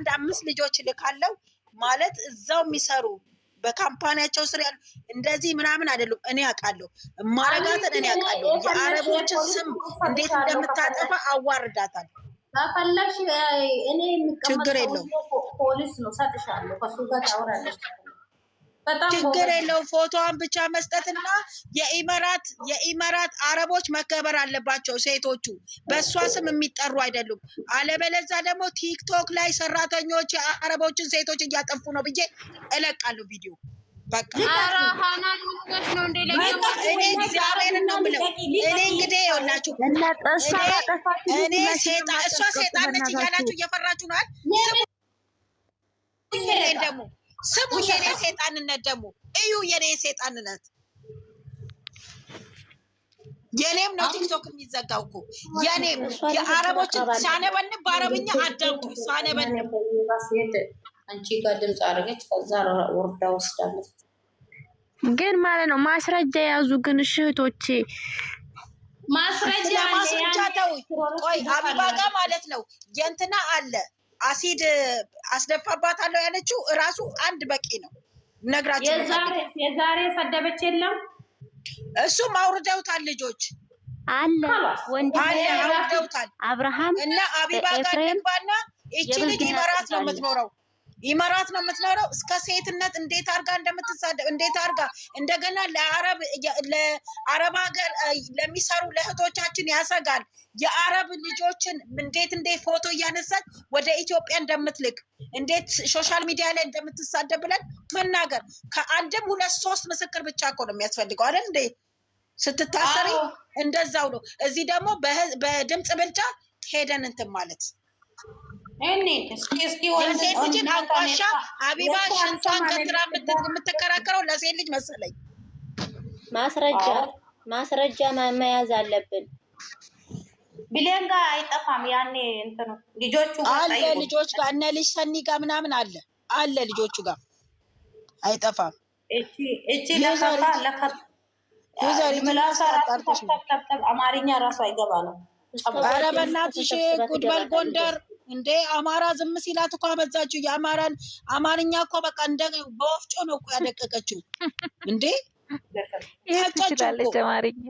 አንድ አምስት ልጆች ልካለው ማለት እዛው የሚሰሩ በካምፓኒያቸው ስር ያሉ እንደዚህ ምናምን አይደሉም። እኔ አውቃለሁ፣ ማረጋትን እኔ አውቃለሁ። የአረቦችን ስም እንዴት እንደምታጠፋ አዋርዳታል። ችግር የለውም። ፖሊስ ነው ሰጥሻለሁ። ከሱ ጋር ታወራለች ችግር የለው። ፎቶዋን ብቻ መስጠትና የኢመራት የኢመራት አረቦች መከበር አለባቸው። ሴቶቹ በእሷ ስም የሚጠሩ አይደሉም። አለበለዛ ደግሞ ቲክቶክ ላይ ሰራተኞች የአረቦችን ሴቶች እያጠፉ ነው ብዬ እለቃለሁ ቪዲዮ። በቃ እሷ ሴጣን እያላችሁ እየፈራችሁ ነዋል ደግሞ ስሙ የኔ ሴጣንነት ደግሞ እዩ። የኔ ሴጣንነት የኔም ነው። ቲክቶክ የሚዘጋው እኮ የኔም የአረቦችን ሳነበን በአረብኛ አዳምጡ። ሳነበን አንቺ ጋር ድምፅ አደረገች። ከዛ ወርዳ ወስዳለች። ግን ማለት ነው ማስረጃ የያዙ ግን እህቶቼ ማስረጃ ማስረጃ ተው ቆይ አቢባ ጋር ማለት ነው የእንትና አለ አሲድ አስደፋባታለሁ ያለችው እራሱ አንድ በቂ ነው። ነግራቸው የዛሬ ሰደበች የለም እሱም አውርደውታል ልጆች አለ ወንድሜ አውርደውታል። አብርሃም እና አቢባ ጋር ገባና ይቺ ልጅ ይመራት ነው የምትኖረው ይመራት ነው የምትኖረው። እስከ ሴትነት እንዴት አርጋ እንደምትሳደብ እንዴት አርጋ እንደገና ለአረብ ለአረብ ሀገር ለሚሰሩ ለእህቶቻችን ያሰጋል። የአረብ ልጆችን እንዴት እንዴት ፎቶ እያነሳች ወደ ኢትዮጵያ እንደምትልክ እንዴት ሶሻል ሚዲያ ላይ እንደምትሳደብ ብለን መናገር ከአንድም ሁለት ሶስት ምስክር ብቻ እኮ ነው የሚያስፈልገው አይደል እንዴ? ስትታሰሪ እንደዛው ነው። እዚህ ደግሞ በድምፅ ብልጫ ሄደን እንትን ማለት ሴት አቢባ የምትከራከረው ለሴት ልጅ መሰለኝ። ማስረጃ ማስረጃ መያዝ አለብን። ብሌን ጋር አይጠፋም። ያኔ እንትኑ ልጆቹ አለ ልጆች ጋር እነ ልጅ ሰኒ ጋር ምናምን አለ አለ ልጆቹ ጋር አይጠፋም። እቺ አማርኛ ራሱ አይገባ ነው። ኧረ በእናትሽ ጉድበል ጎንደር እንዴ አማራ ዝም ሲላት እኮ አበዛችሁ። የአማራን አማርኛ እኮ በቃ እንደ በወፍጮ ነው እኮ ያደቀቀችው። እንዴ ይችላለች አማርኛ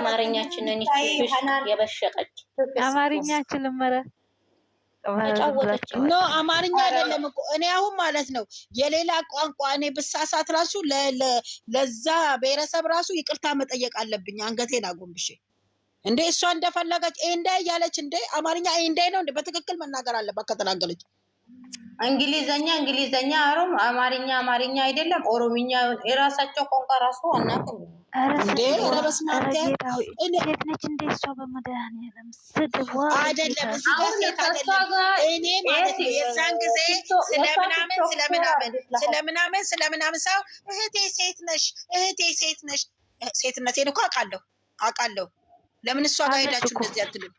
አማርኛችንን ኖ አማርኛ አይደለም እኮ እኔ አሁን ማለት ነው የሌላ ቋንቋ እኔ ብሳሳት ራሱ ለዛ ብሔረሰብ ራሱ ይቅርታ መጠየቅ አለብኝ አንገቴን አጎንብሼ እንዴ እሷ እንደፈለገች እንደ እያለች እንዴ አማርኛ እንደ ነው እንዴ በትክክል መናገር አለባት ከተናገረች። እንግሊዘኛ እንግሊዘኛ፣ አሮም አማርኛ አማርኛ አይደለም ኦሮምኛ የራሳቸው ቋንቋ ራሱ አናውቅም ሴት ስለምናምን ሰው እህቴ ሴት ነሽ እህቴ ሴት ነሽ ሴትነቴን እኮ አውቃለሁ አውቃለሁ ለምን እሷ ጋር ሄዳችሁ እንደዚህ አትልም?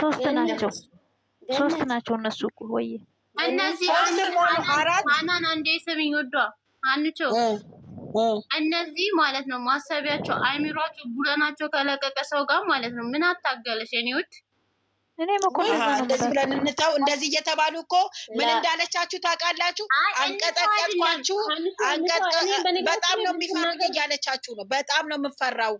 ሶስት ናቸው ሶስት ናቸው እነሱ እኮ ወይ እነዚህ አናን አንዴ ስሚኝ ወዷ አንቸው እነዚህ ማለት ነው ማሰቢያቸው አይሚሯቸው ቡለናቸው ከለቀቀ ሰው ጋር ማለት ነው። ምን አታገለሽ የኔዎች እንደዚህ ብለን እንተው። እንደዚህ እየተባሉ እኮ ምን እንዳለቻችሁ ታውቃላችሁ? አንቀጠቀጥኳችሁ፣ በጣም ነው የሚፈሩት እያለቻችሁ ነው። በጣም ነው የምፈራው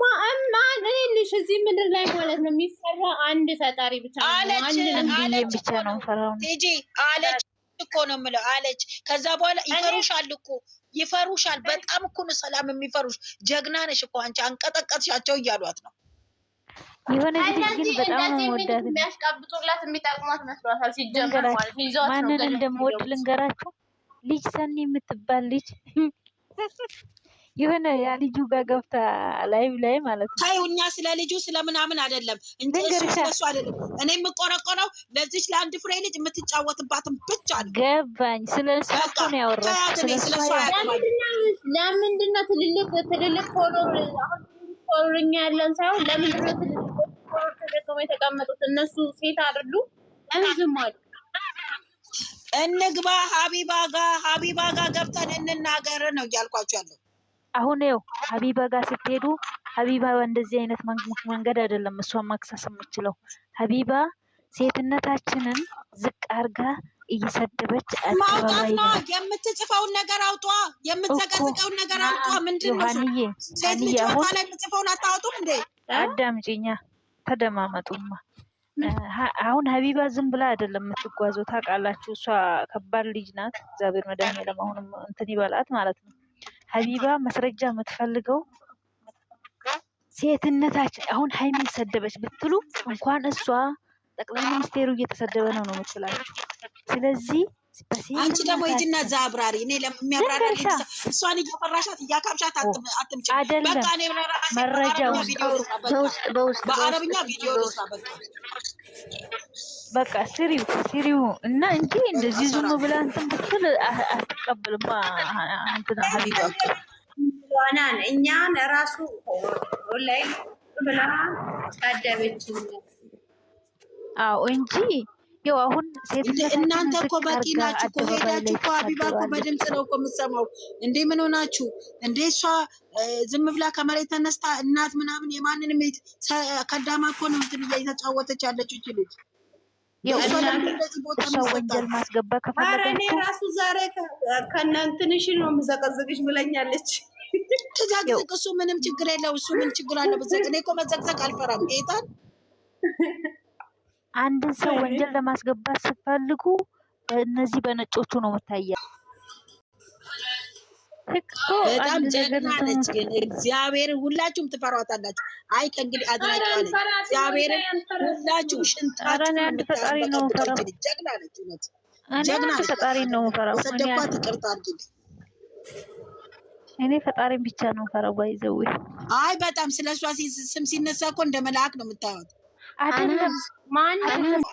ማእማን እልሽ እዚህ ምድር ላይ ማለት ነው የሚፈራ አንድ ፈጣሪ ብቻ አለች አለች እኮ ነው የምለው አለች። ከዛ በኋላ ይፈሩሻል እኮ ይፈሩሻል። በጣም እኮ ነው ሰላም የሚፈሩሽ። ጀግና ነሽ እኮ አንቺ አንቀጠቀጥሻቸው እያሏት ነው። የሆነ ጊዜ ግን በጣም ወዳት የሚያስቀብጡላት የሚጠቅሟት መስሏታል። ሲጀመር ማንን እንደምወድ ልንገራቸው። ልጅ ሰኒ የምትባል ልጅ የሆነ ያ ልጁ ጋር ገብታ ላይቭ ላይ ማለት ነው። ታዩ እኛ ስለ ልጁ ስለ ስለምናምን አይደለም እንጂ ስለሱ አይደለም። እኔ የምቆረቆረው ለዚች ለአንድ ፍሬ ልጅ የምትጫወትባትም ብቻ ነው። ገባኝ። ስለ ስለሱ ነው ያወራው። ለምንድን ነው ትልልቅ ትልልቅ ፎሎርኛ ያለን ሳይሆን ለምንድን ነው ትልልቅ ፎሎር ተደቅሞ የተቀመጡት? እነሱ ሴት አይደሉ? ለምን ዝም አሉ? እንግባ ሀቢባ ጋ ሀቢባ ጋ ገብተን እንናገር ነው እያልኳቸው ያለው አሁን ያው ሀቢባ ጋር ስትሄዱ ሀቢባ እንደዚህ አይነት መንገድ አይደለም እሷን ማክሰስ የምችለው። ሀቢባ ሴትነታችንን ዝቅ አርጋ እየሰደበች አደባባይ የምትጽፈውን ነገር አውጧ፣ የምትዘቀዝቀውን ነገር አውጧ። ምንድን ነው ሴት ልጅ ቦታ ላይ የምትጽፈውን አታወጡም እንዴ? አዳምጪኛ፣ ተደማመጡማ። አሁን ሀቢባ ዝም ብላ አይደለም የምትጓዘው ታውቃላችሁ። እሷ ከባድ ልጅ ናት። እግዚአብሔር መድኃኒዓለም አሁንም እንትን ይበላት ማለት ነው ሀቢባ መስረጃ የምትፈልገው ሴትነታችን አሁን ሀይሚን ሰደበች ብትሉ እንኳን እሷ ጠቅላይ ሚኒስቴሩ እየተሰደበ ነው ነው የምትላችሁ። ስለዚህ አንቺ ደግሞ ሂጂና እዛ አብራሪ። እኔ የሚያብራራ እሷን እየፈራሻት እያካብሻት አትምጭ። በቃ እኔ በራሴ በአረብኛ ቪዲዮ በቃ በቃ ስሪው ስሪው እና እንጂ እንደዚህ ዝም ብላ እንትን ብትል አትቀበልማ። እንትና ሀቢባ ዋናን እኛን ራሱ ላይ ብላ ሳደበች። አዎ እንጂ ያው አሁን ሴት እናንተ እኮ በቂ ናችሁ እኮ ሄዳችሁ እኮ ሀቢባ እኮ በድምፅ ነው እኮ የምትሰማው። እንዴ ምን ሆናችሁ እንዴ? እሷ ዝም ብላ ከመሬት ተነስታ እናት ምናምን የማንንም ከዳማ እኮ ነው እንትን እየተጫወተች ያለችው ልጅ ወንጀል ማስገባት ከፈለገ ራሱ ዛሬ ከእናንትንሽ ነው የምዘቀዝቅሽ ብለኛለች። ትዘቅዝቅ፣ እሱ ምንም ችግር የለው። እሱ ምን ችግር አለው? ብዘቅ እኔ እኮ መዘቅዘቅ አልፈራም። ጌታን አንድን ሰው ወንጀል ለማስገባት ስትፈልጉ እነዚህ በነጮቹ ነው የምታያ በጣም ጀግና ነች። ግን ሁላችሁም ትፈሯታላችሁ። አይ ከእንግዲህ አድራችኋል። እግዚአብሔርን ሁላችሁ ሽንጣችሁ ጀግና ነች። እውነት ጀግና ፈጣሪ ነው። ሰደኳት ይቅርታ አድርጊልኝ። እኔ ብቻ ነው አይ በጣም ስለ እሷ ስም ሲነሳ እኮ እንደ መልአክ ነው የምታዩት። አይደለም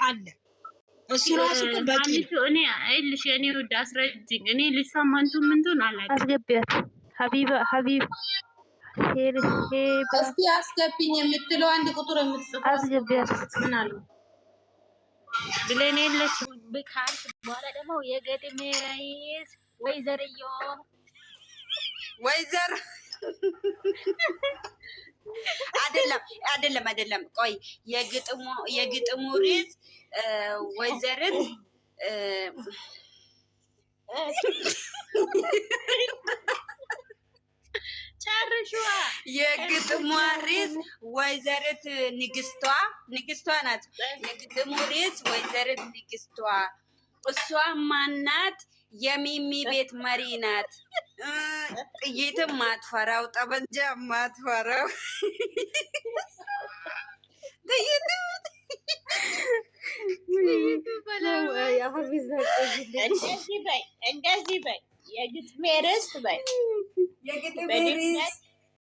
አለ እሱ ራሱ እኮ በቂ እኔ እኔ አስረጅኝ እኔ ምንቱን አላውቅም። አስገቢያት ሀቢባ ሀቢብ አስገብኝ የምትለው አንድ ቁጥር የምትጽፈው ብለን ብካልሽ በኋላ ደግሞ የገድሜ ራይስ ወይዘርዮ ወይዘር አይደለም አይደለም አይደለም ቆይ የግጥሙ የግጥሙ ሪዝ ወይዘርን የግጥሟ ርዕስ ወይዘሪት ንግስቷ ንግስቷ ናት። የግጥሙ ርዕስ ወይዘርት ንግስቷ። እሷ ማናት? የሚሚ ቤት መሪ ናት። ጥይትም ማትፈራው፣ ጠበንጃ ማትፈራው ጥይትም እንደዚህ በይ፣ እንደዚህ በይ፣ የግጥሜ ርዕስ